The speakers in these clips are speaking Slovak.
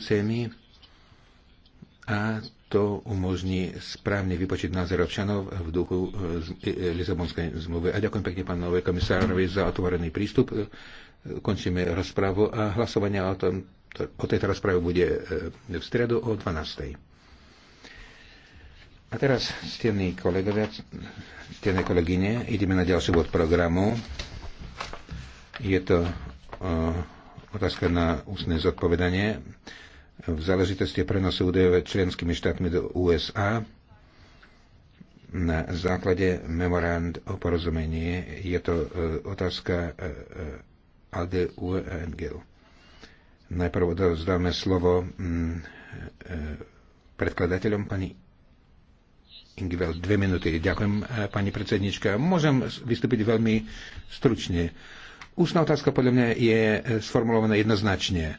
inštitúciami a to umožní správny vypočet názor občanov v duchu e, e, Lisabonskej zmluvy. A ďakujem pekne pánovi komisárovi za otvorený prístup. E, končíme rozprávu a hlasovanie o, tom, o tejto rozprave bude v stredu o 12. A teraz, stení kolegovia, stené kolegyne, ideme na ďalší bod programu. Je to uh, otázka na ústne zodpovedanie v záležitosti prenosu údajov členskými štátmi do USA na základe memorand o porozumenie. Je to e, otázka e, e, a Engel. Najprv dáme slovo mm, predkladateľom pani Ingvel, dve minúty. Ďakujem, pani predsednička. Môžem vystúpiť veľmi stručne. Ústna otázka podľa mňa je sformulovaná jednoznačne. Uh,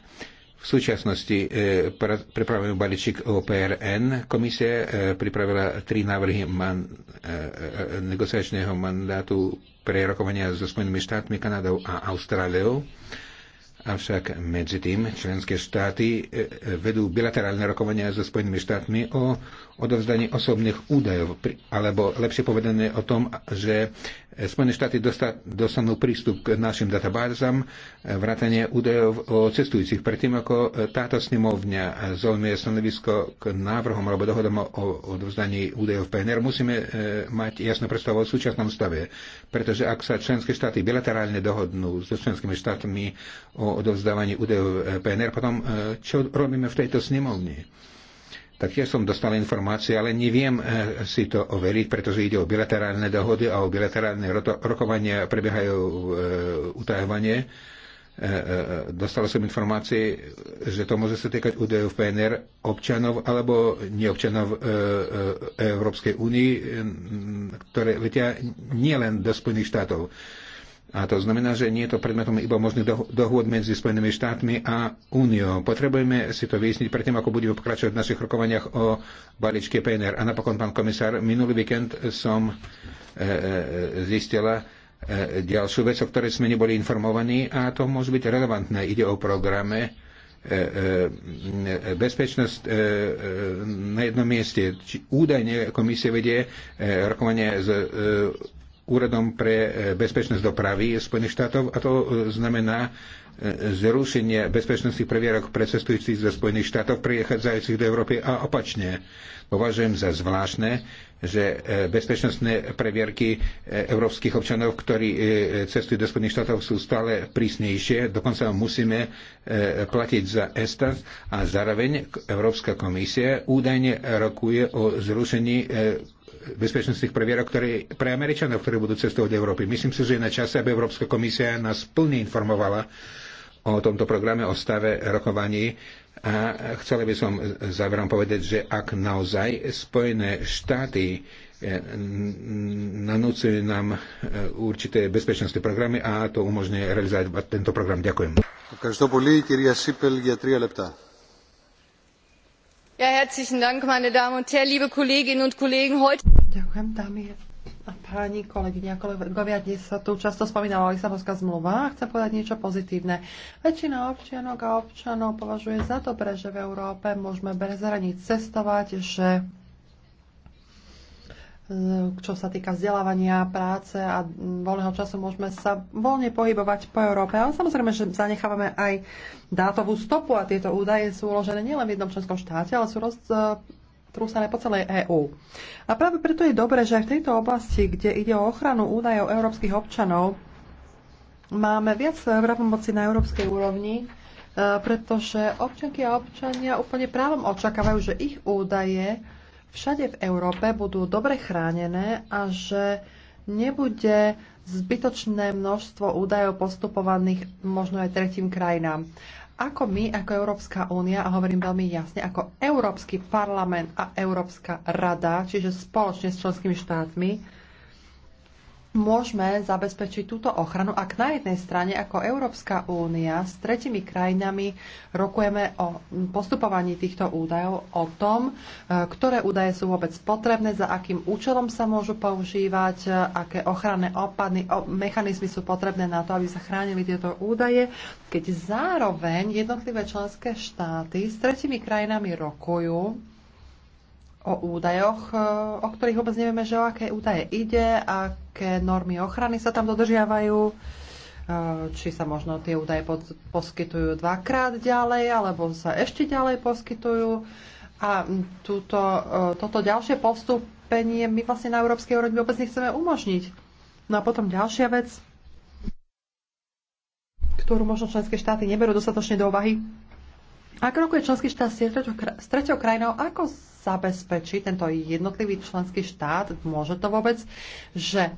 v súčasnosti e, pripravujeme balíček OPRN. Komisia e, pripravila tri návrhy man, e, negociačného mandátu pre rokovania so Spojenými štátmi, Kanadou a Austráliou. Avšak medzi tým členské štáty vedú bilaterálne rokovania so Spojenými štátmi o odovzdaní osobných údajov, alebo lepšie povedané o tom, že Spojené štáty dostanú prístup k našim databázam, eh, vrátanie údajov o cestujúcich. Predtým, ako eh, táto snemovňa eh, zaujme stanovisko k návrhom alebo dohodom o odovzdaní údajov PNR, musíme mať jasnú predstavu o súčasnom stave. Pretože ak sa členské štáty bilaterálne dohodnú so členskými štátmi o odovzdávaní údajov PNR, potom čo robíme v tejto snemovni? tak ja som dostal informácie, ale neviem eh, si to overiť, pretože ide o bilaterálne dohody a o bilaterálne rokovania prebiehajú eh, utajovanie. Eh, dostal som informácie, že to môže sa týkať údajov PNR občanov alebo neobčanov Európskej únii, ktoré letia nielen do Spojených štátov. A to znamená, že nie je to predmetom iba možných dohôd medzi Spojenými štátmi a Úniou. Potrebujeme si to vyjasniť predtým, ako budeme pokračovať v našich rokovaniach o balíčke PNR. A napokon, pán komisár, minulý víkend som e, e, e, zistila e, ďalšiu vec, o ktorej sme neboli informovaní a to môže byť relevantné. Ide o programe e, e, bezpečnosť na jednom mieste. Či údajne komisie vedie rokovanie s Úradom pre e, bezpečnosť dopravy Spojených štátov a to e, znamená e, zrušenie bezpečnostných previerok pre cestujúcich zo Spojených štátov prichádzajúcich do Európy a opačne. Považujem za zvláštne, že bezpečnostné previerky európskych občanov, ktorí cestujú do Spojených štátov, sú stále prísnejšie. Dokonca musíme platiť za ESTA a zároveň Európska komisia údajne rokuje o zrušení bezpečnostných previerok ktoré, pre Američanov, ktorí budú cestovať do Európy. Myslím si, že je na čase, aby Európska komisia nás plne informovala o tomto programe, o stave rokovaní. A chcela by som záverom povedať, že ak naozaj Spojené štáty eh, nanúcujú nám eh, určité bezpečnostné programy a to umožňuje realizovať tento program. Ďakujem. Sipel, 3 lepta. Ja, herzlichen Dank, meine Damen und Herren, liebe Kolleginnen und Kollegen. Heute... Ďakujem, dámy a páni, kolegyne a kolegovia, dnes sa tu často spomínala Lisabonská zmluva a chcem povedať niečo pozitívne. Väčšina občianok a občanov považuje za dobré, že v Európe môžeme bez hraníc cestovať, že čo sa týka vzdelávania, práce a voľného času môžeme sa voľne pohybovať po Európe. Ale samozrejme, že zanechávame aj dátovú stopu a tieto údaje sú uložené nielen v jednom členskom štáte, ale sú roz, trúsané po celej EÚ. A práve preto je dobré, že aj v tejto oblasti, kde ide o ochranu údajov európskych občanov, máme viac pravomoci na európskej úrovni, e, pretože občanky a občania úplne právom očakávajú, že ich údaje všade v Európe budú dobre chránené a že nebude zbytočné množstvo údajov postupovaných možno aj tretím krajinám. Ako my, ako Európska únia, a hovorím veľmi jasne, ako Európsky parlament a Európska rada, čiže spoločne s členskými štátmi, môžeme zabezpečiť túto ochranu, ak na jednej strane ako Európska únia s tretimi krajinami rokujeme o postupovaní týchto údajov, o tom, e, ktoré údaje sú vôbec potrebné, za akým účelom sa môžu používať, e, aké ochranné opadny, mechanizmy sú potrebné na to, aby sa chránili tieto údaje, keď zároveň jednotlivé členské štáty s tretimi krajinami rokujú o údajoch, e, o ktorých vôbec nevieme, že o aké údaje ide, aké normy ochrany sa tam dodržiavajú, e, či sa možno tie údaje poskytujú dvakrát ďalej, alebo sa ešte ďalej poskytujú. A túto, e, toto ďalšie postúpenie my vlastne na európskej úrovni vôbec nechceme umožniť. No a potom ďalšia vec, ktorú možno členské štáty neberú dostatočne do úvahy, ak rokuje členský štát s treťou krajinou, ako zabezpečí tento jednotlivý členský štát, môže to vôbec, že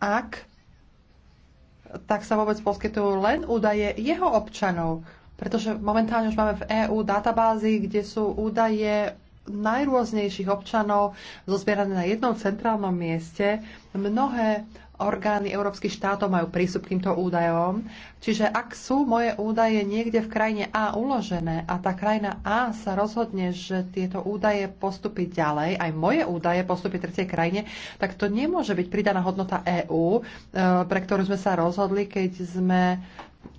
ak tak sa vôbec poskytujú len údaje jeho občanov, pretože momentálne už máme v EÚ databázy, kde sú údaje najrôznejších občanov zozbierané na jednom centrálnom mieste. Mnohé orgány európskych štátov majú prístup k týmto údajom. Čiže ak sú moje údaje niekde v krajine A uložené a tá krajina A sa rozhodne, že tieto údaje postupí ďalej, aj moje údaje postupí tretej krajine, tak to nemôže byť pridaná hodnota EÚ, e, pre ktorú sme sa rozhodli, keď sme E,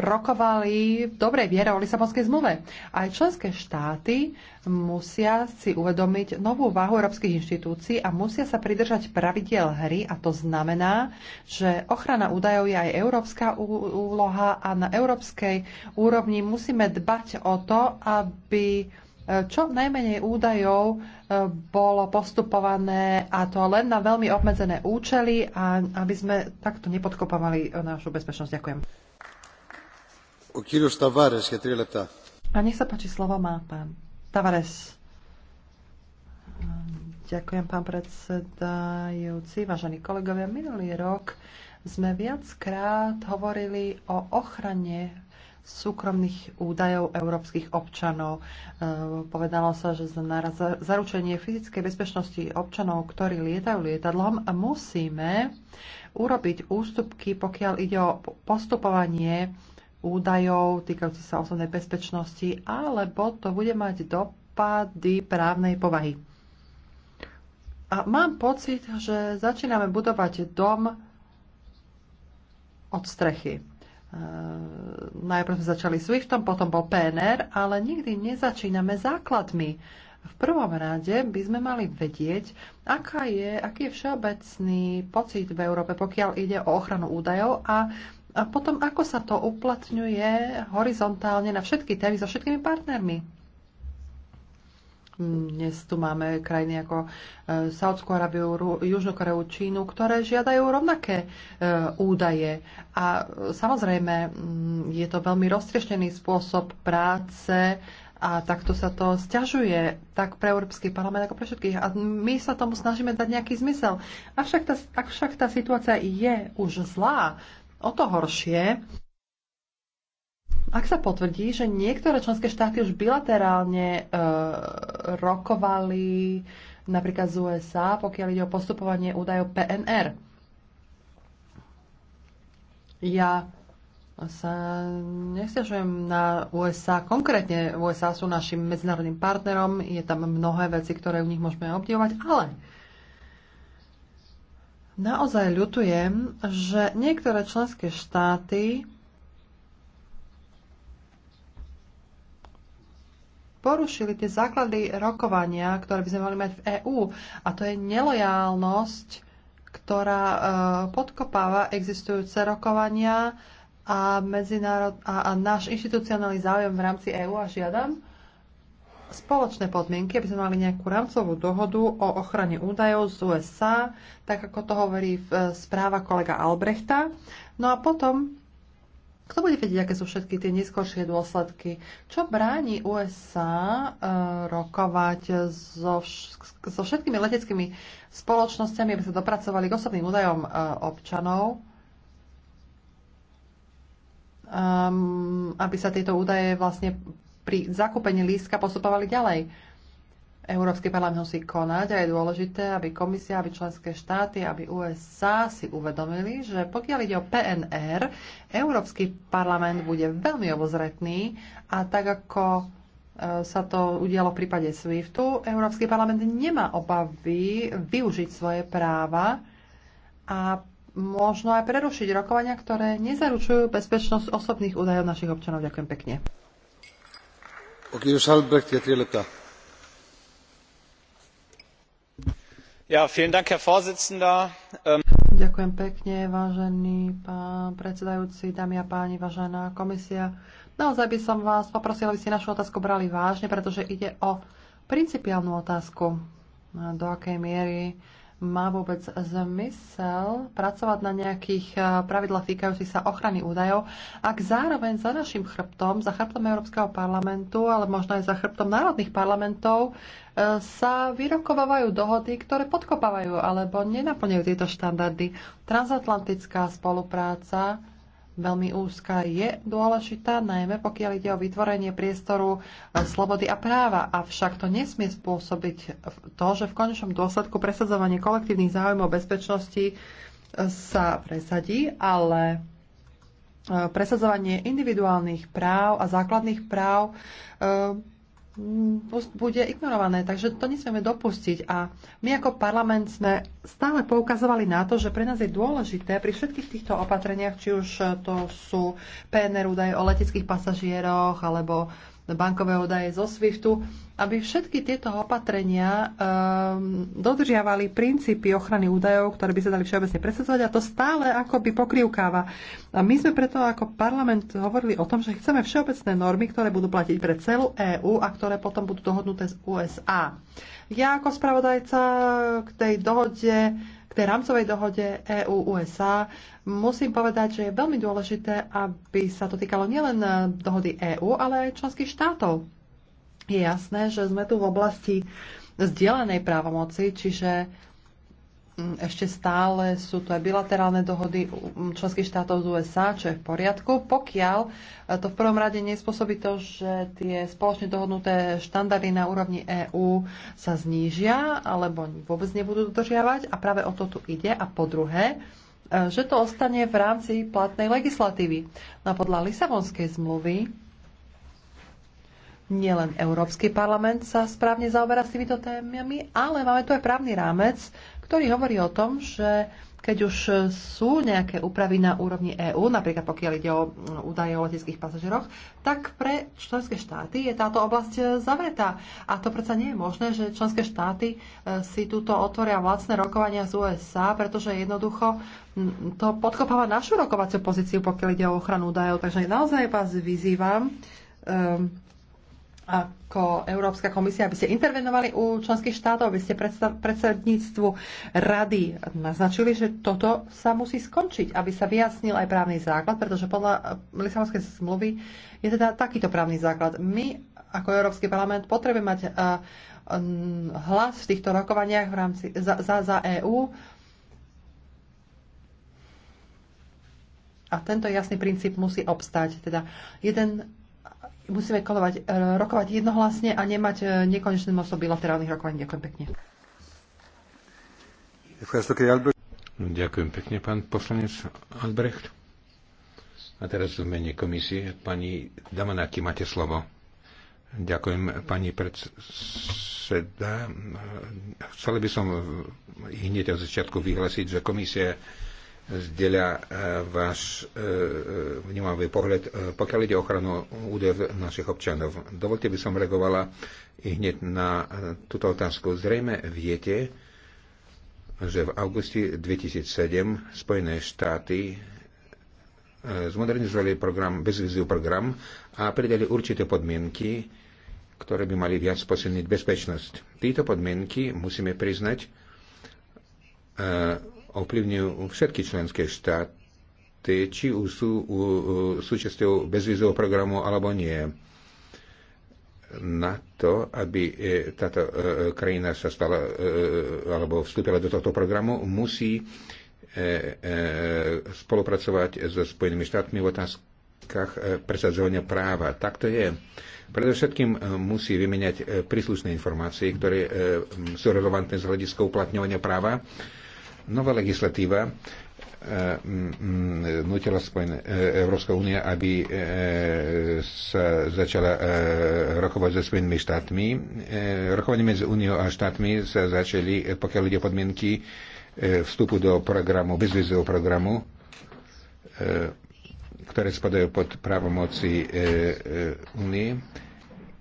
rokovali v dobrej viere o Lisabonskej zmluve. Aj členské štáty musia si uvedomiť novú váhu európskych inštitúcií a musia sa pridržať pravidiel hry a to znamená, že ochrana údajov je aj európska úloha a na európskej úrovni musíme dbať o to, aby čo najmenej údajov e, bolo postupované a to len na veľmi obmedzené účely a aby sme takto nepodkopovali našu bezpečnosť. Ďakujem. O Tavares je 3 A nech sa páči, slovo má pán Tavares. Ďakujem, pán predsedajúci, vážení kolegovia. Minulý rok sme viackrát hovorili o ochrane súkromných údajov európskych občanov. E, povedalo sa, že za zaručenie fyzickej bezpečnosti občanov, ktorí lietajú lietadlom, musíme urobiť ústupky, pokiaľ ide o postupovanie údajov týkajúci sa osobnej bezpečnosti, alebo to bude mať dopady právnej povahy. A mám pocit, že začíname budovať dom od strechy Ehm, najprv sme začali SWIFTom, potom bol PNR, ale nikdy nezačíname základmi. V prvom rade by sme mali vedieť, aká je, aký je všeobecný pocit v Európe, pokiaľ ide o ochranu údajov a, a potom ako sa to uplatňuje horizontálne na všetky témy so všetkými partnermi. Dnes tu máme krajiny ako e, Saudskú Arabiu, Južnú Koreu, Čínu, ktoré žiadajú rovnaké e, údaje. A e, samozrejme, mm, je to veľmi roztrieštený spôsob práce a takto sa to stiažuje tak pre Európsky parlament ako pre všetkých. A my sa tomu snažíme dať nejaký zmysel. Avšak tá, avšak tá situácia je už zlá. O to horšie, ak sa potvrdí, že niektoré členské štáty už bilaterálne e, rokovali napríklad z USA, pokiaľ ide o postupovanie údajov PNR. Ja sa nestiažujem na USA. Konkrétne USA sú našim medzinárodným partnerom, je tam mnohé veci, ktoré u nich môžeme obdivovať, ale naozaj ľutujem, že niektoré členské štáty porušili tie základy rokovania, ktoré by sme mali mať v EÚ. A to je nelojálnosť, ktorá e, podkopáva existujúce rokovania a, medzinárod, a, a náš inštitucionálny záujem v rámci EÚ a žiadam spoločné podmienky, aby sme mali nejakú rámcovú dohodu o ochrane údajov z USA, tak ako to hovorí v e, správa kolega Albrechta. No a potom kto bude vedieť, aké sú všetky tie neskôršie dôsledky? Čo bráni USA e, rokovať so, so všetkými leteckými spoločnosťami, aby sa dopracovali k osobným údajom e, občanov? Um, aby sa tieto údaje vlastne pri zakúpení lístka postupovali ďalej. Európsky parlament musí konať a je dôležité, aby komisia, aby členské štáty, aby USA si uvedomili, že pokiaľ ide o PNR, Európsky parlament bude veľmi obozretný a tak ako e, sa to udialo v prípade SWIFTu, Európsky parlament nemá obavy využiť svoje práva a možno aj prerušiť rokovania, ktoré nezaručujú bezpečnosť osobných údajov našich občanov. Ďakujem pekne. Herr ähm, Ďakujem pekne, vážený pán predsedajúci, dámy a páni, vážená komisia. Naozaj by som vás poprosila, aby ste našu otázku brali vážne, pretože ide o principiálnu otázku, do akej miery má vôbec zmysel pracovať na nejakých eh, pravidlách týkajúcich sa ochrany údajov, ak zároveň za našim chrbtom, za chrbtom Európskeho parlamentu, ale možno aj za chrbtom národných parlamentov eh, sa vyrokovávajú dohody, ktoré podkopávajú alebo nenaplňujú tieto štandardy. Transatlantická spolupráca veľmi úzka, je dôležitá, najmä pokiaľ ide o vytvorenie priestoru e, slobody a práva. Avšak to nesmie spôsobiť to, že v konečnom dôsledku presadzovanie kolektívnych záujmov bezpečnosti e, sa presadí, ale e, presadzovanie individuálnych práv a základných práv bude ignorované. Takže to nesmieme dopustiť. A my ako parlament sme stále poukazovali na to, že pre nás je dôležité pri všetkých týchto opatreniach, či už to sú PNR údaje o leteckých pasažieroch alebo bankové údaje zo SWIFTu, aby všetky tieto opatrenia um, dodržiavali princípy ochrany údajov, ktoré by sa dali všeobecne presadzovať a to stále akoby pokrivkáva. A my sme preto ako parlament hovorili o tom, že chceme všeobecné normy, ktoré budú platiť pre celú EÚ a ktoré potom budú dohodnuté z USA. Ja ako spravodajca k tej dohode tej rámcovej dohode EU-USA, musím povedať, že je veľmi dôležité, aby sa to týkalo nielen dohody EÚ, ale aj členských štátov. Je jasné, že sme tu v oblasti zdieľanej právomoci, čiže Mm, ešte stále sú tu aj bilaterálne dohody mm, členských štátov z USA, čo je v poriadku, pokiaľ e, to v prvom rade nespôsobí to, že tie spoločne dohodnuté štandardy na úrovni EÚ sa znížia alebo vôbec nebudú dodržiavať a práve o to tu ide. A po druhé, e, že to ostane v rámci platnej legislatívy. No a podľa Lisabonskej zmluvy nielen Európsky parlament sa správne zaoberá s týmito témami, ale máme tu aj právny rámec, ktorý hovorí o tom, že keď už sú nejaké úpravy na úrovni EÚ, napríklad pokiaľ ide o údaje o leteckých pasažeroch, tak pre členské štáty je táto oblasť zavretá. A to predsa nie je možné, že členské štáty e, si túto otvoria vlastné rokovania z USA, pretože jednoducho to podkopáva našu rokovaciu pozíciu, pokiaľ ide o ochranu údajov. Takže naozaj vás vyzývam, e, ako Európska komisia, aby ste intervenovali u členských štátov, aby ste predsedníctvu rady naznačili, že toto sa musí skončiť, aby sa vyjasnil aj právny základ, pretože podľa Lisabonskej zmluvy je teda takýto právny základ. My ako Európsky parlament potrebujeme mať eh, hlas v týchto rokovaniach v rámci za, za, za EÚ. A tento jasný princíp musí obstať. Teda jeden musíme kolovať, e, rokovať jednohlasne a nemať e, nekonečné množstvo bilaterálnych rokovaní. Ďakujem pekne. No, ďakujem pekne, pán poslanec Albrecht. A teraz v mene komisie pani Damanáky máte slovo. Ďakujem, pani predseda. Chcel by som hneď od začiatku vyhlásiť, že komisia zdieľa e, váš e, e, vnímavý pohľad, pokiaľ ide o ochranu údajov našich občanov. Dovolte by som reagovala i hneď na túto otázku. Zrejme viete, že v auguste 2007 Spojené štáty zmodernizovali program, bezvizový program a pridali určité podmienky, ktoré by mali viac posilniť bezpečnosť. Títo podmienky, musíme priznať, ovplyvňujú všetky členské štáty, či už sú súčasťou bezvizového programu alebo nie. Na to, aby e, táto e, krajina sa stala e, alebo vstúpila do tohto programu, musí spolupracovať so Spojenými štátmi v otázkach presadzovania práva. Tak to je. Predovšetkým musí vymeniať príslušné informácie, ktoré sú relevantné z hľadiska uplatňovania práva Nová legislatíva e, nutila e, Európska únia, aby e, sa začala rokovať so svojimi štátmi. Rokovanie medzi úniou a štátmi sa začali, pokiaľ ide podmienky vstupu do programu, bezvizového programu, ktoré spadajú pod právomoci únie E, e,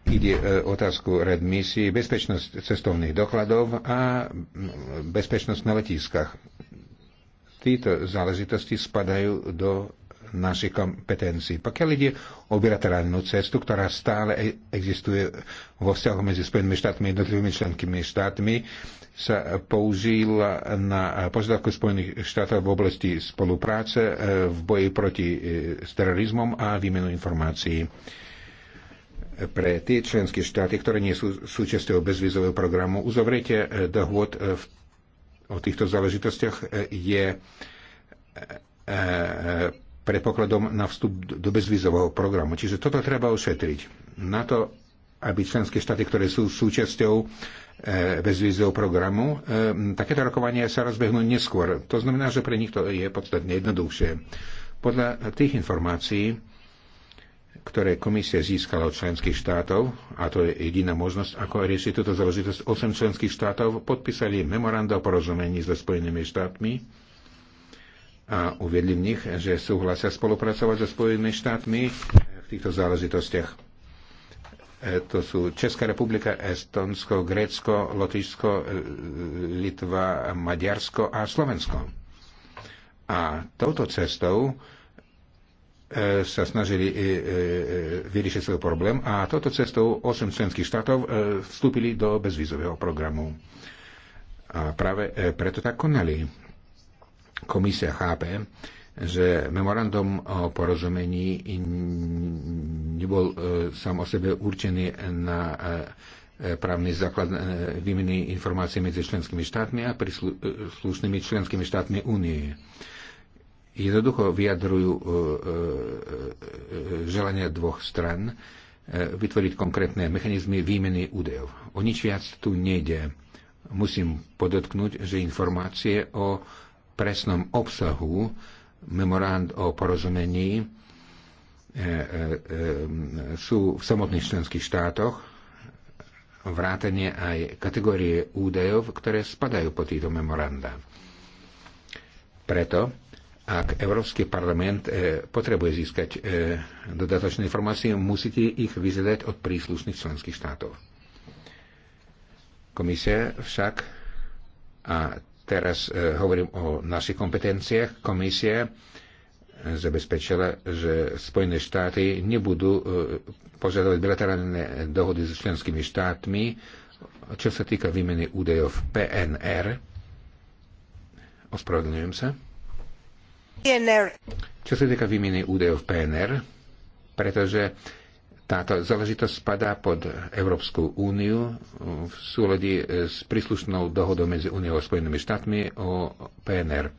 Ide o e, otázku redmisie, bezpečnosť cestovných dokladov a mm, bezpečnosť na letiskách. Títo záležitosti spadajú do našich kompetencií. Pokiaľ ide o bilaterálnu cestu, ktorá stále e, existuje vo vzťahu medzi Spojenými štátmi a jednotlivými členskými štátmi, sa použila na požiadavku Spojených štátov v oblasti spolupráce e, v boji proti terorizmom a výmenu informácií pre tie členské štáty, ktoré nie sú súčasťou bezvizového programu. Uzavretie e, dohôd e, o týchto záležitostiach e, je predpokladom na vstup do bezvizového programu. Čiže toto treba ošetriť. Na to, aby členské štáty, ktoré sú súčasťou bezvizového programu, takéto rokovania sa rozbehnú neskôr. To znamená, že pre nich to je podstatne jednoduchšie. Podľa tých informácií, ktoré komisia získala od členských štátov, a to je jediná možnosť, ako riešiť túto záležitosť, 8 členských štátov podpísali memoranda o porozumení so Spojenými štátmi a uviedli v nich, že súhlasia spolupracovať so Spojenými štátmi v týchto záležitostiach. E, to sú Česká republika, Estonsko, Grécko, Lotyšsko, e, Litva, Maďarsko a Slovensko. A touto cestou E, sa snažili e, e, vyriešiť svoj problém a toto cestou 8 členských štátov vstúpili do bezvízového programu. A práve preto tak konali. Komisia chápe, že memorandum o porozumení nebol sám o sebe určený na právny základ výmeny informácií medzi členskými štátmi a príslušnými členskými štátmi únie jednoducho vyjadrujú e, e, e, želania dvoch stran vytvoriť konkrétne mechanizmy výmeny údajov. O nič viac tu nejde. Musím podotknúť, že informácie o presnom obsahu memorand o porozumení sú v samotných členských štátoch vrátane aj kategórie údajov, ktoré spadajú po týto memoranda. Preto ak Európsky parlament e, potrebuje získať e, dodatočné informácie, musíte ich vyzvedať od príslušných členských štátov. Komisia však, a teraz e, hovorím o našich kompetenciách, komisia zabezpečila, že Spojené štáty nebudú požadovať bilaterálne dohody so členskými štátmi, čo sa týka výmeny údajov PNR. Ospravedlňujem sa. PNR. Čo sa týka výmeny údajov PNR, pretože táto záležitosť spadá pod Európsku úniu v súlade s príslušnou dohodou medzi úniou a Spojenými štátmi o PNR.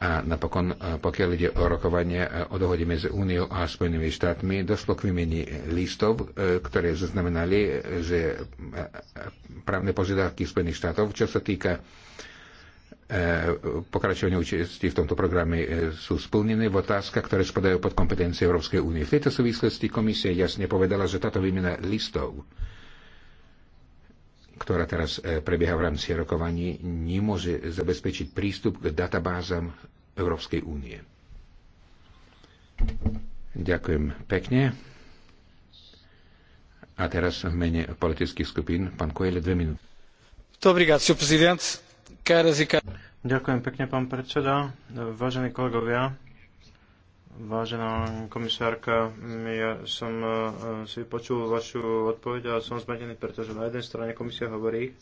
A napokon, pokiaľ ide o rokovanie o dohode medzi Úniou a Spojenými štátmi, došlo k výmeni listov, e, ktoré zaznamenali, že e, e, právne požiadavky Spojených štátov, čo sa týka E, pokračovanie účasti v tomto programe e, sú splnené v otázkach, ktoré spadajú pod kompetencie Európskej únie. V tejto súvislosti komisia jasne povedala, že táto výmena listov, ktorá teraz e, prebieha v rámci rokovaní, nemôže zabezpečiť prístup k databázam Európskej únie. Ďakujem pekne. A teraz v mene politických skupín pán Kojele, dve minúty. Dobrý senhor presidente. prezident. e caras. Ďakujem pekne, pán predseda. Vážení kolegovia, vážená komisárka, ja som eh, si počul vašu odpoveď a som zmetený, pretože na jednej strane komisia hovorí,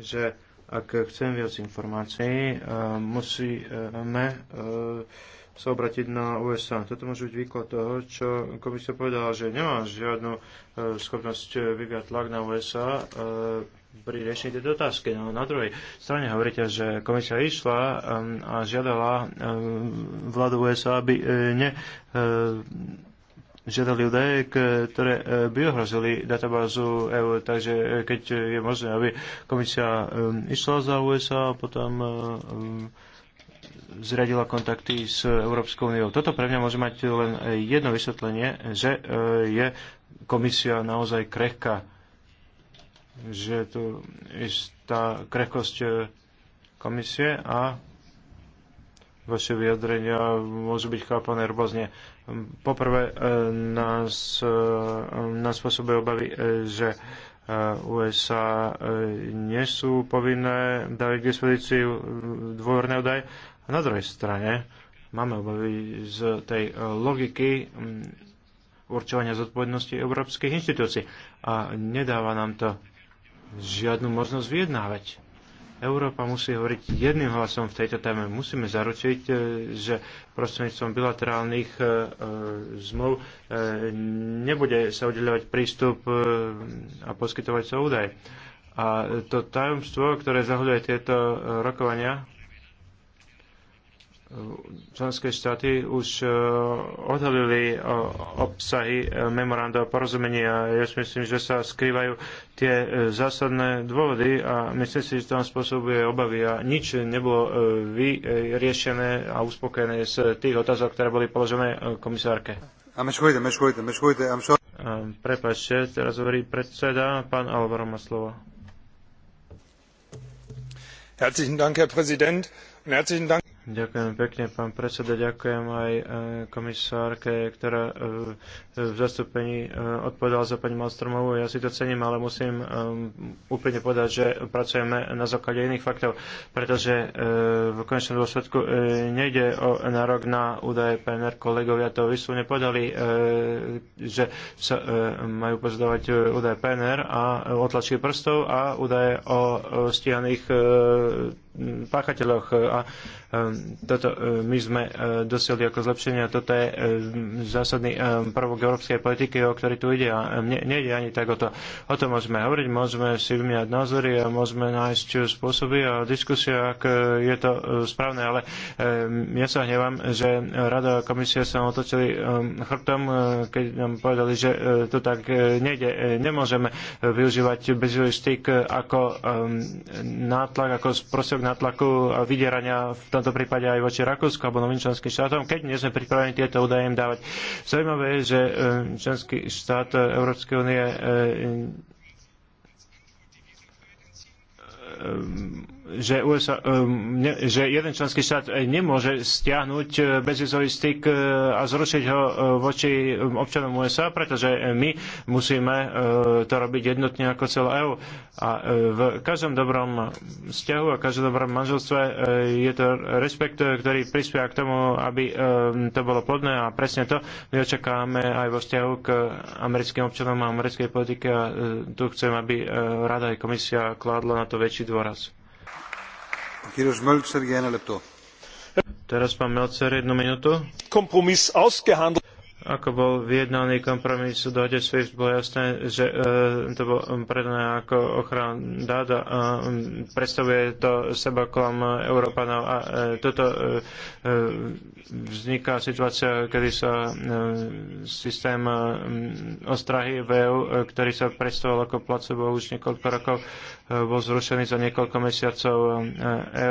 že ak chcem viac informácií, eh, musíme eh, sa obratiť na USA. Toto môže byť výklad toho, čo komisia povedala, že nemá žiadnu schopnosť vyviať tlak na USA pri riešení tejto otázky. No, na druhej strane hovoríte, že komisia išla um, a žiadala um, vládu USA, aby e, ne e, žiadali údaje, ktoré e, by ohrozili databázu EU. Takže keď je možné, aby komisia um, išla za USA a potom zriadila kontakty s Európskou úniou. Toto pre mňa môže mať len jedno vysvetlenie, že je komisia naozaj krehká že je tu istá krehkosť e, komisie a vaše vyjadrenia môžu byť chápané rôzne. Poprvé e, nás, e, nás spôsobuje obavy, že USA nie sú povinné dať k dispozícii dôverné údaje. A na druhej strane máme obavy z tej logiky určovania zodpovednosti európskych inštitúcií. A nedáva nám to žiadnu možnosť vyjednávať. Európa musí hovoriť jedným hlasom v tejto téme. Musíme zaručiť, e, že prostredníctvom bilaterálnych e, e, zmluv nebude sa udeľovať prístup a poskytovať sa údaje. A to tajomstvo, ktoré zahľuje tieto rokovania, členské štáty už uh, odhalili uh, obsahy uh, memoranda o porozumení a ja si myslím, že sa skrývajú tie uh, zásadné dôvody a myslím si, že tam spôsobuje obavy a nič nebolo uh, vyriešené a uspokojené z tých otázok, ktoré boli položené uh, komisárke. A meškujte, meškujte, meškujte, Prepačte, teraz hovorí predseda, pán Alvaro má slovo. Herzlichen Dank, Herr Präsident, herzlichen Dank. Ďakujem pekne, pán predseda. Ďakujem aj e, komisárke, ktorá e, v zastúpení e, odpovedala za pani Malstromovú. Ja si to cením, ale musím úplne povedať, že pracujeme na základe iných faktov, pretože v konečnom dôsledku nejde o nárok na údaje PNR. Kolegovia to vyslovne podali, že sa majú pozdávať údaje PNR a otlačky prstov a údaje o stíhaných páchateľoch. E, a e, toto e, my sme dosiahli ako zlepšenie a toto je zásadný prvok európskej politiky, o ktorý tu ide. A mne, nejde ani tak o to. O tom môžeme hovoriť, môžeme si vymieňať názory a môžeme nájsť spôsoby a diskusia, ak je to správne, ale ja sa hnevám, že Rada a komisia sa otočili chrbtom, keď nám povedali, že to tak nejde. Nemôžeme využívať bezvývoj ako nátlak, ako sprosok na nátlaku a vydierania v tomto prípade aj voči Rakúsku alebo novým členským štátom, keď nie sme pripravení tieto údaje im dávať. Zaujímavé je, že e, členský štát Európskej únie e, e, že, USA, um, že jeden členský štát eh, nemôže stiahnuť eh, bezvizový styk eh, a zrušiť ho voči um, občanom USA, pretože my musíme to robiť jednotne ako celá EU. A v každom dobrom vzťahu a každom dobrom manželstve je to respekt, ktorý prispieva k tomu, aby to bolo plodné a presne to my očakávame aj vo vzťahu k americkým občanom a americkej politike a tu chcem, aby rada aj komisia kládla na to väčší dôraz. Teraz pán Melcer, jednu minútu. Kompromis ausgehandelt ako bol vyjednaný kompromis v dohode SWIFT, bolo jasné, že e, to bol predané ako ochrana dát a e, predstavuje to seba kolom Európanov a e, toto e, e vzniká situácia, kedy sa e, systém e, ostrahy v EU, e, ktorý sa predstavoval ako placebo už niekoľko rokov, e, bol zrušený za niekoľko mesiacov. E, e,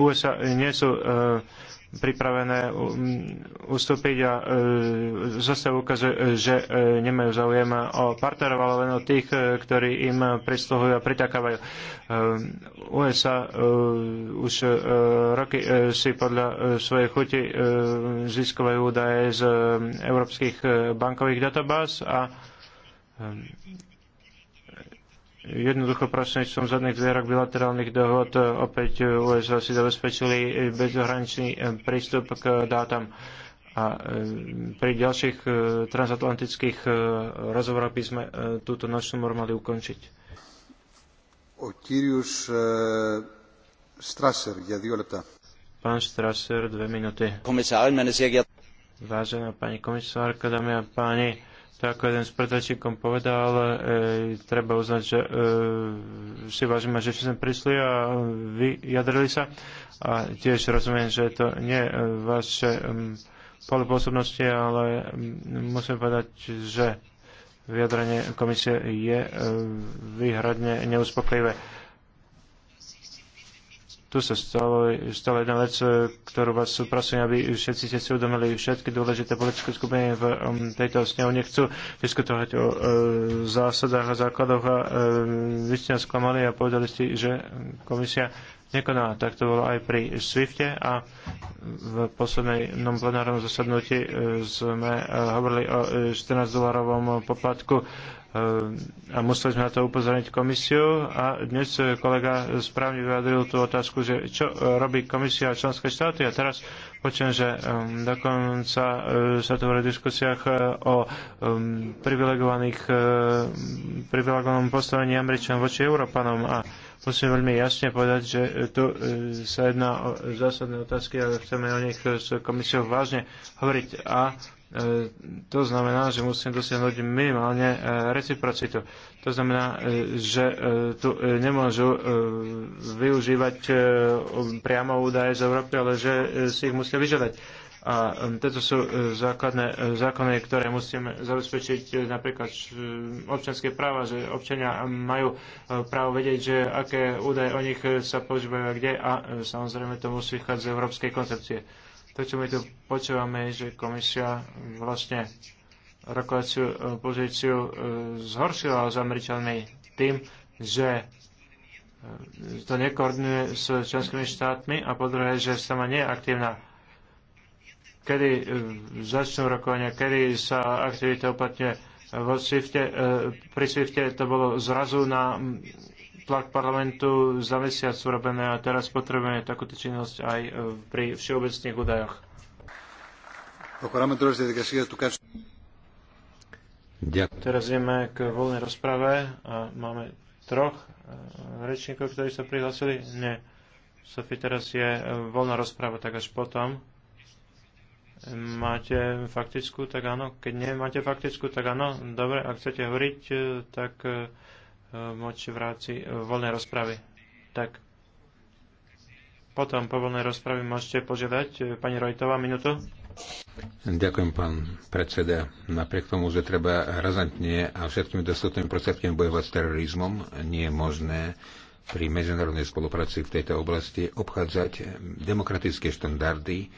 USA e, nie sú e, pripravené um, ustúpiť a e, zase ukazuje, že e, nemajú záujem o partnerov, ale len o tých, e, ktorí im prisluhujú a pritakávajú. USA už roky si podľa svojej chuti získavajú údaje z európskych bankových databáz a jednoducho prostredníctvom zadných zvierok bilaterálnych dohod e, opäť e, USA si zabezpečili e, bezhraničný prístup k dátam. A pri ďalších transatlantických rozhovoroch by sme túto nočnú moru mali ukončiť. O Kyrius Strasser, ja Pán Strasser, dve minúty. Vážená pani komisárka, dámy a páni, tak ako jeden z predrečníkom povedal, e, treba uznať, že e, si vážime, že sme prišli a vyjadrili sa. A tiež rozumiem, že to nie je vaše pole pôsobnosti, ale musím povedať, že vyjadrenie komisie je e, výhradne neuspokojivé tu sa stalo, stala jedna vec, e, ktorú vás prosím, aby všetci ste si udomili všetky dôležité politické skupiny v um, tejto snehu. Nechcú diskutovať o e, zásadách a základoch a e, vy ste nás sklamali a povedali ste, že komisia nekoná. Tak to bolo aj pri Swifte a v poslednej no, plenárnom zasadnutí e, sme hovorili o 14 dolárovom poplatku a museli sme na to upozorniť komisiu a dnes kolega správne vyjadril tú otázku, že čo robí komisia a členské štáty a teraz počujem, že um, dokonca uh, sa to v diskusiách uh, o um, privilegovaných uh, privilegovanom postavení Američanom voči Európanom a musím veľmi jasne povedať, že tu sa jedná o zásadné otázky a chceme o nich s komisiou vážne hovoriť a E, to znamená, že musím dosiahnuť minimálne e, reciprocitu. To znamená, e, že tu nemôžu využívať priamo údaje z Európy, ale že si ich musia vyžadať. A toto sú základné zákony, ktoré musíme zabezpečiť napríklad občanské práva, že občania majú právo vedieť, že aké údaje o nich sa používajú a kde a samozrejme to musí vychádzať z európskej koncepcie. To, čo my tu počúvame, je, že komisia vlastne rokovaciu e, pozíciu e, zhoršila s Američanmi tým, že e, to nekoordinuje s členskými štátmi a po druhé, že sama nie je aktívna. Kedy začnú rokovania, kedy sa aktivita uplatňuje vo Swifte, pri Swifte to bolo zrazu na tlak parlamentu za mesiac urobené a teraz potrebujeme takúto činnosť aj pri všeobecných údajoch. Ďakujem. Teraz ideme k voľnej rozprave a máme troch eh, rečníkov, ktorí sa prihlasili. Nie. Sofie, teraz je eh, voľná rozpráva, tak až potom. Máte faktickú, tak áno. Keď nemáte faktickú, tak áno. Dobre, ak chcete hovoriť, eh, tak Eh, moč v rámci eh, voľnej rozpravy. Tak. Potom po voľnej rozprave môžete požiadať eh, pani Rojtová minútu. Ďakujem, pán predseda. Napriek tomu, že treba razantne a všetkými dostupnými prostriedkami bojovať s terorizmom, nie je možné pri medzinárodnej spolupráci v tejto oblasti obchádzať demokratické štandardy,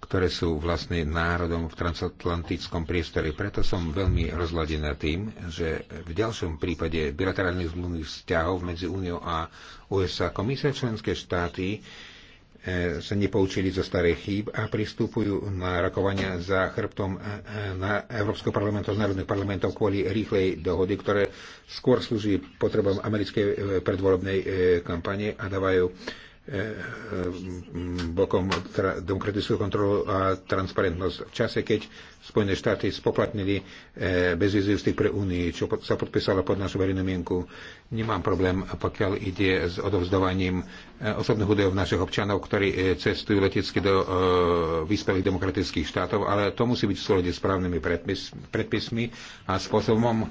ktoré sú vlastne národom v transatlantickom priestore. Preto som veľmi rozladená tým, že v ďalšom prípade bilaterálnych zmluvných vzťahov medzi Úniou a USA komisia členské štáty e, sa nepoučili zo starých chýb a pristupujú na rokovania za chrbtom e, e, na Európskeho parlamentu z národných parlamentov kvôli rýchlej dohody, ktoré skôr slúži potrebám americkej predvolebnej kampane a dávajú Eh, bokom demokratickú kontrolu a transparentnosť. V čase, keď Spojené štáty spoplatnili e, eh, bezvizový pre Únii, čo sa podpísalo pod našu verejnú mienku, nemám problém, pokiaľ ide s odovzdovaním eh, osobných údajov našich občanov, ktorí cestujú letecky do e, vyspelých demokratických štátov, ale to musí byť v s právnymi predpismi a spôsobom,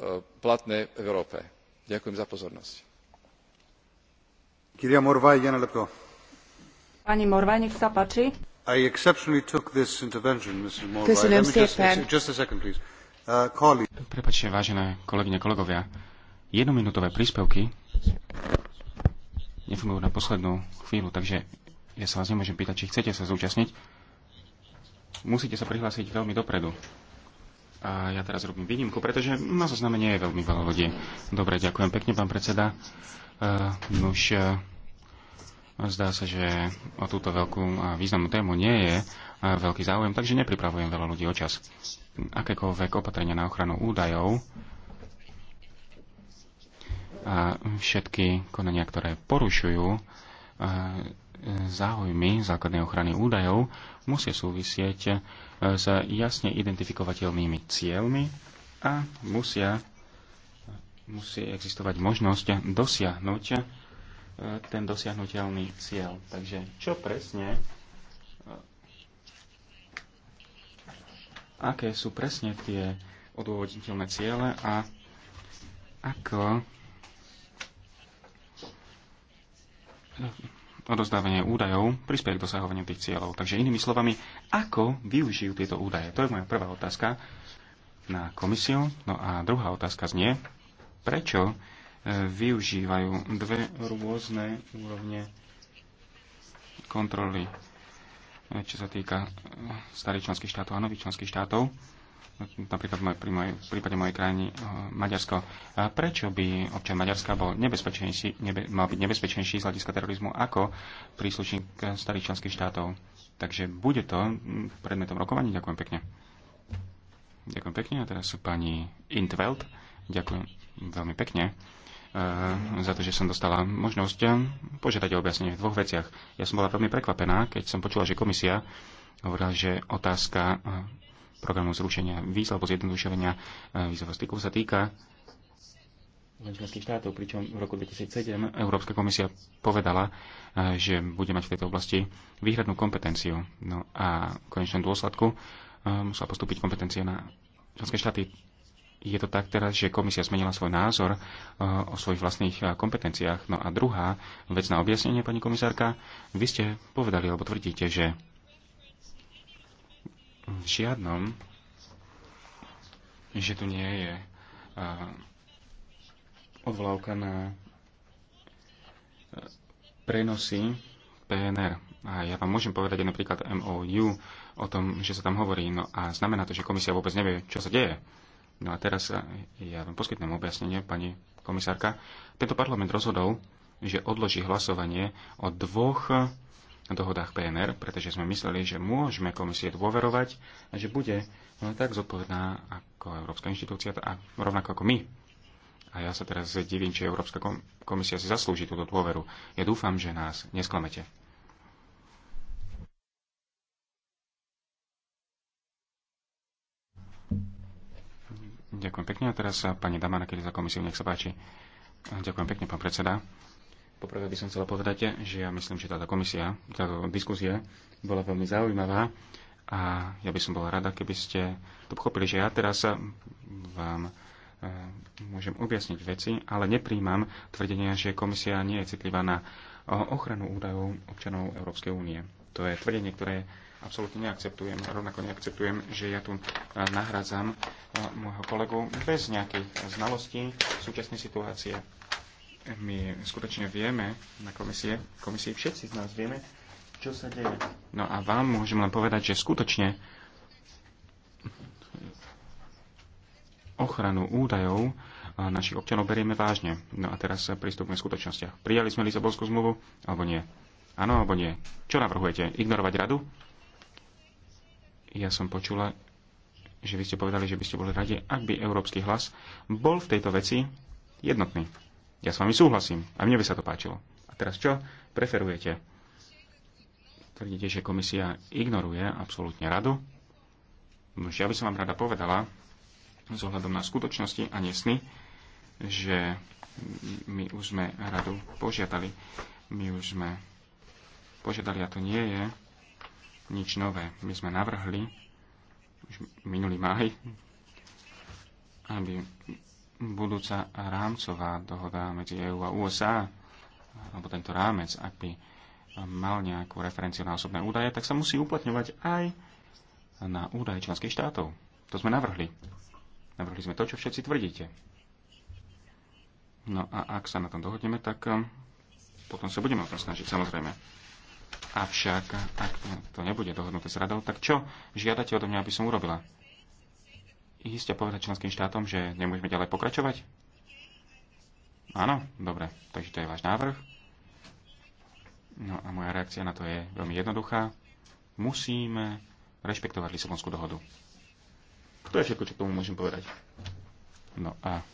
E, platné v európe. ďakujem za pozornosť. a uh, kolegovia. Jednominútové príspevky nefungujú na poslednú chvíľu, takže ja sa vás nemôžem pýtať, či chcete sa zúčastniť. Musíte sa prihlásiť veľmi dopredu. A ja teraz robím výnimku, pretože na zozname nie je veľmi veľa ľudí. Dobre, ďakujem pekne, pán predseda. Uh, nuž, uh, zdá sa, že o túto veľkú a významnú tému nie je uh, veľký záujem, takže nepripravujem veľa ľudí o čas. Akékoľvek opatrenia na ochranu údajov a všetky konania, ktoré porušujú uh, záujmy základnej ochrany údajov musia súvisieť e, s jasne identifikovateľnými cieľmi a musia, musí existovať možnosť dosiahnuť e, ten dosiahnutelný cieľ. Takže čo presne, e, aké sú presne tie odôvodniteľné ciele a ako odozdávanie údajov prispieje k dosahovaniu tých cieľov. Takže inými slovami, ako využijú tieto údaje? To je moja prvá otázka na komisiu. No a druhá otázka znie, prečo e, využívajú dve rôzne úrovne kontroly, e, čo sa týka e, starých členských štátov a nových členských štátov napríklad pri, mojej, v prípade mojej krajiny eh, Maďarsko. A prečo by občan Maďarska bol nebezpečnejší, nebe, mal byť nebezpečnejší z hľadiska terorizmu ako príslušník eh, starých členských štátov? Takže bude to hm, predmetom rokovaní. Ďakujem pekne. Ďakujem pekne. A teraz sú pani Intveld. Ďakujem veľmi pekne eh, za to, že som dostala možnosť hm, požiadať o objasnenie v dvoch veciach. Ja som bola veľmi prekvapená, keď som počula, že komisia hovorila, že otázka hm, programu zrušenia víz alebo zjednodušovania e, vízového styku sa týka členských štátov, pričom v roku 2007 Európska komisia povedala, e, že bude mať v tejto oblasti výhradnú kompetenciu. No a v konečnom dôsledku e, musela postúpiť kompetencia na členské štáty. Je to tak teraz, že komisia zmenila svoj názor o svojich vlastných kompetenciách. No a druhá vec na objasnenie, pani komisárka, vy ste povedali, alebo tvrdíte, že v žiadnom, že tu nie je odvolávka na prenosy PNR. A ja vám môžem povedať aj napríklad MOU o tom, že sa tam hovorí. No a znamená to, že komisia vôbec nevie, čo sa deje. No a teraz ja vám poskytnem objasnenie, pani komisárka. Tento parlament rozhodol, že odloží hlasovanie o dvoch dohodách PNR, pretože sme mysleli, že môžeme komisie dôverovať a že bude eh, tak zodpovedná ako Európska inštitúcia a rovnako ako my. A ja sa teraz divím, či Európska komisia si zaslúži túto dôveru. Ja dúfam, že nás nesklamete. Ďakujem pekne. A teraz pani Damana, kedy za komisiu, nech sa páči. Ďakujem pekne, pán predseda. Poprvé by som chcela povedať, že ja myslím, že táto komisia, táto diskusia bola veľmi zaujímavá a ja by som bola rada, keby ste to pochopili, že ja teraz vám eh, môžem objasniť veci, ale nepríjmam tvrdenia, že komisia nie je citlivá na eh, ochranu údajov občanov Európskej únie. To je tvrdenie, ktoré absolútne neakceptujem. Rovnako neakceptujem, že ja tu eh, nahrádzam môjho kolegu bez nejakých znalostí súčasnej situácie my skutočne vieme na komisie, komisie všetci z nás vieme, čo sa deje. No a vám môžem len povedať, že skutočne ochranu údajov našich občanov berieme vážne. No a teraz pristúpme v skutočnostiach. Prijali sme Lisabonskú zmluvu, alebo nie? Áno, alebo nie? Čo navrhujete? Ignorovať radu? Ja som počula, že vy ste povedali, že by ste boli radi, ak by európsky hlas bol v tejto veci jednotný. Ja s vami súhlasím. A mne by sa to páčilo. A teraz čo preferujete? Tvrdíte, že komisia ignoruje absolútne radu. Nož ja by som vám rada povedala, s ohľadom na skutočnosti a nesny, že my už sme radu požiadali. My už sme požiadali, a to nie je nič nové. My sme navrhli už minulý máj, aby budúca rámcová dohoda medzi EÚ a USA, alebo tento rámec, ak by mal nejakú referenciu na osobné údaje, tak sa musí uplatňovať aj na údaje členských štátov. To sme navrhli. Navrhli sme to, čo všetci tvrdíte. No a ak sa na tom dohodneme, tak um, potom sa budeme o tom snažiť, samozrejme. Avšak, ak to nebude dohodnuté s radou, tak čo žiadate odo mňa, aby som urobila? ísť a povedať členským štátom, že nemôžeme ďalej pokračovať? Áno, dobre, takže to je váš návrh. No a moja reakcia na to je veľmi jednoduchá. Musíme rešpektovať Lisabonskú dohodu. To je všetko, čo k tomu môžem povedať. No a,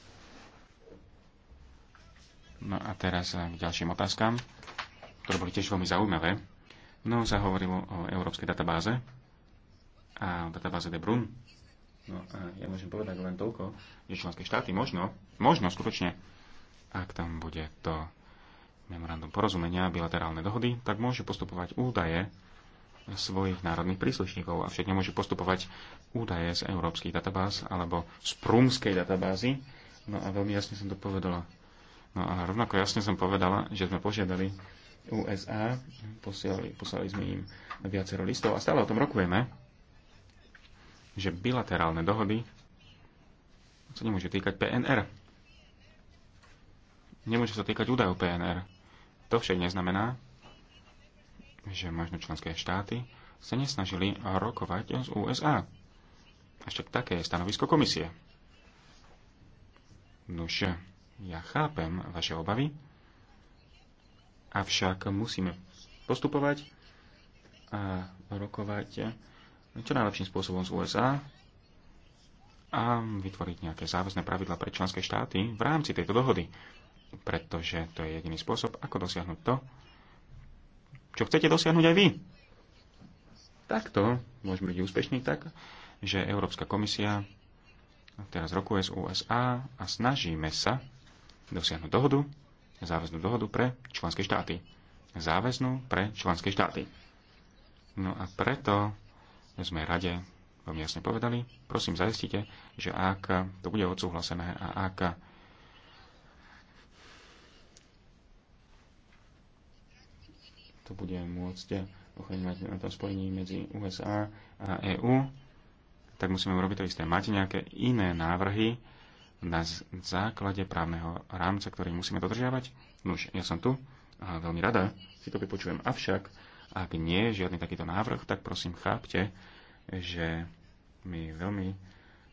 no a teraz eh, k ďalším otázkam, ktoré boli tiež veľmi zaujímavé. No, sa hovorilo o európskej databáze a o databáze de Brun No a ja môžem povedať len toľko, že členské štáty možno, možno skutočne, ak tam bude to memorandum porozumenia, bilaterálne dohody, tak môžu postupovať údaje svojich národných príslušníkov, a avšak nemôžu postupovať údaje z európskych databáz alebo z prúmskej databázy. No a veľmi jasne som to povedala. No a rovnako jasne som povedala, že sme požiadali USA, posielali, poslali sme im viacero listov a stále o tom rokujeme že bilaterálne dohody sa nemôže týkať PNR. Nemôže sa týkať údajov PNR. To však neznamená, že možno členské štáty sa nesnažili rokovať z USA. Až tak také je stanovisko komisie. Nuž, ja chápem vaše obavy, avšak musíme postupovať a rokovať čo najlepším spôsobom z USA a vytvoriť nejaké záväzné pravidla pre členské štáty v rámci tejto dohody, pretože to je jediný spôsob, ako dosiahnuť to, čo chcete dosiahnuť aj vy. Takto môžeme byť úspešní tak, že Európska komisia teraz rokuje z USA a snažíme sa dosiahnuť dohodu, záväznú dohodu pre členské štáty. Záväznú pre členské štáty. No a preto sme rade veľmi jasne povedali, prosím zaistite, že ak to bude odsúhlasené a ak to bude môcť ochraňovať na tom spojení medzi USA a EU, tak musíme urobiť to isté. Máte nejaké iné návrhy na základe právneho rámca, ktorý musíme dodržiavať? Nuž, ja som tu a veľmi rada si to vypočujem. Avšak ak nie, žiadny takýto návrh, tak prosím chápte, že my veľmi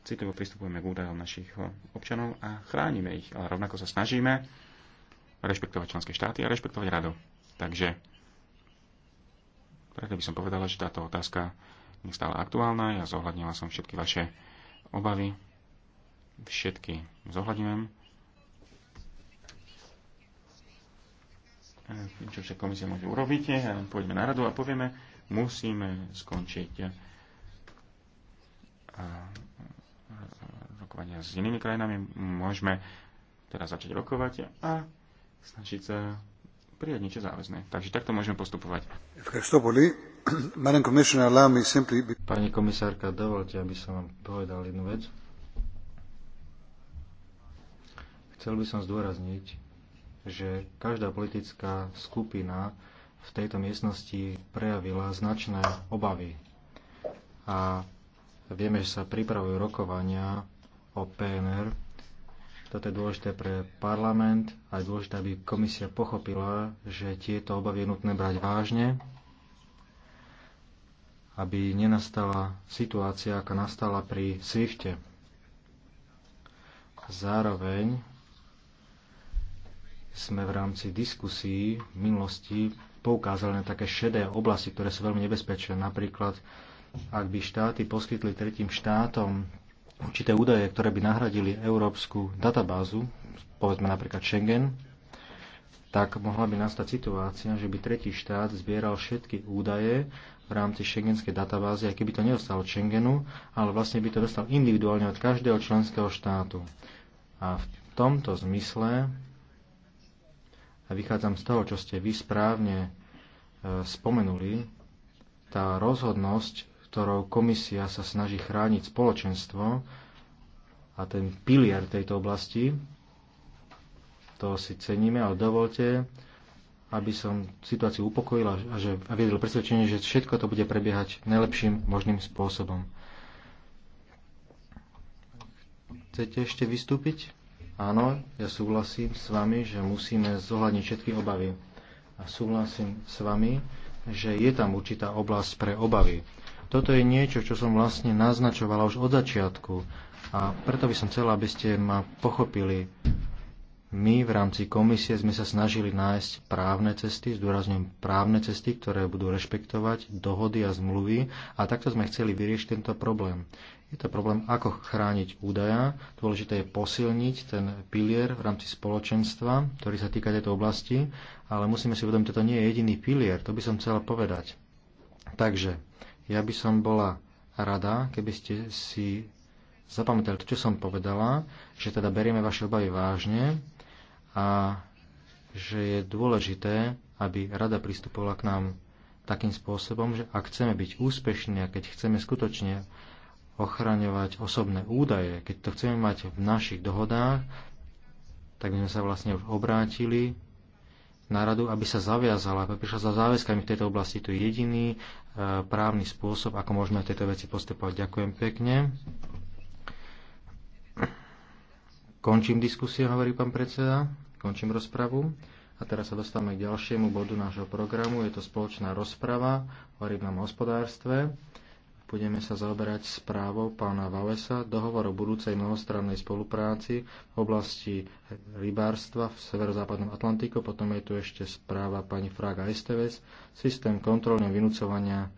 citlivo pristupujeme k údajom našich občanov a chránime ich, ale rovnako sa snažíme rešpektovať členské štáty a rešpektovať radu. Takže preto by som povedala, že táto otázka je stále aktuálna. Ja zohľadnila som všetky vaše obavy. Všetky zohľadňujem. Eh, čo však komisia môže urobiť, eh, pôjdeme na radu a povieme, musíme skončiť eh, rokovania s inými krajinami, môžeme teraz začať rokovať a snažiť sa prijať niečo záväzné. Takže takto môžeme postupovať. Pani komisárka, dovolte, aby som vám povedal jednu vec. Chcel by som zdôrazniť, že každá politická skupina v tejto miestnosti prejavila značné obavy. A vieme, že sa pripravujú rokovania o PNR. Toto je dôležité pre parlament a je dôležité, aby komisia pochopila, že tieto obavy je nutné brať vážne, aby nenastala situácia, aká nastala pri Swifte. Zároveň sme v rámci diskusí v minulosti poukázali na také šedé oblasti, ktoré sú veľmi nebezpečné. Napríklad, ak by štáty poskytli tretím štátom určité údaje, ktoré by nahradili európsku databázu, povedzme napríklad Schengen, tak mohla by nastať situácia, že by tretí štát zbieral všetky údaje v rámci šengenskej databázy, aj keby to nedostalo Schengenu, ale vlastne by to dostal individuálne od každého členského štátu. A v tomto zmysle a vychádzam z toho, čo ste vy správne e, spomenuli, tá rozhodnosť, ktorou komisia sa snaží chrániť spoločenstvo a ten pilier tejto oblasti, to si ceníme, ale dovolte, aby som situáciu upokojil a, že, a viedol presvedčenie, že všetko to bude prebiehať najlepším možným spôsobom. Chcete ešte vystúpiť? Áno, ja súhlasím s vami, že musíme zohľadniť všetky obavy. A súhlasím s vami, že je tam určitá oblasť pre obavy. Toto je niečo, čo som vlastne naznačovala už od začiatku. A preto by som chcela, aby ste ma pochopili. My v rámci komisie sme sa snažili nájsť právne cesty, zdôrazňujem právne cesty, ktoré budú rešpektovať dohody a zmluvy a takto sme chceli vyriešiť tento problém. Je to problém, ako chrániť údaja. Dôležité je posilniť ten pilier v rámci spoločenstva, ktorý sa týka tejto oblasti, ale musíme si uvedomiť, toto nie je jediný pilier, to by som chcel povedať. Takže, ja by som bola rada, keby ste si zapamätali to, čo som povedala, že teda berieme vaše obavy vážne a že je dôležité, aby rada pristupovala k nám takým spôsobom, že ak chceme byť úspešní a keď chceme skutočne ochraňovať osobné údaje, keď to chceme mať v našich dohodách, tak by sme sa vlastne už obrátili na radu, aby sa zaviazala, aby prišla za záväzkami v tejto oblasti. To je jediný e, právny spôsob, ako môžeme v tejto veci postupovať. Ďakujem pekne. Končím diskusiu, hovorí pán predseda. Končím rozpravu. A teraz sa dostávame k ďalšiemu bodu nášho programu. Je to spoločná rozprava o rybnom hospodárstve budeme sa zaoberať správou pána Valesa, dohovor o budúcej mnohostrannej spolupráci v oblasti rybárstva v severozápadnom Atlantiku, potom je tu ešte správa pani Fraga Esteves, systém kontrolného vynúcovania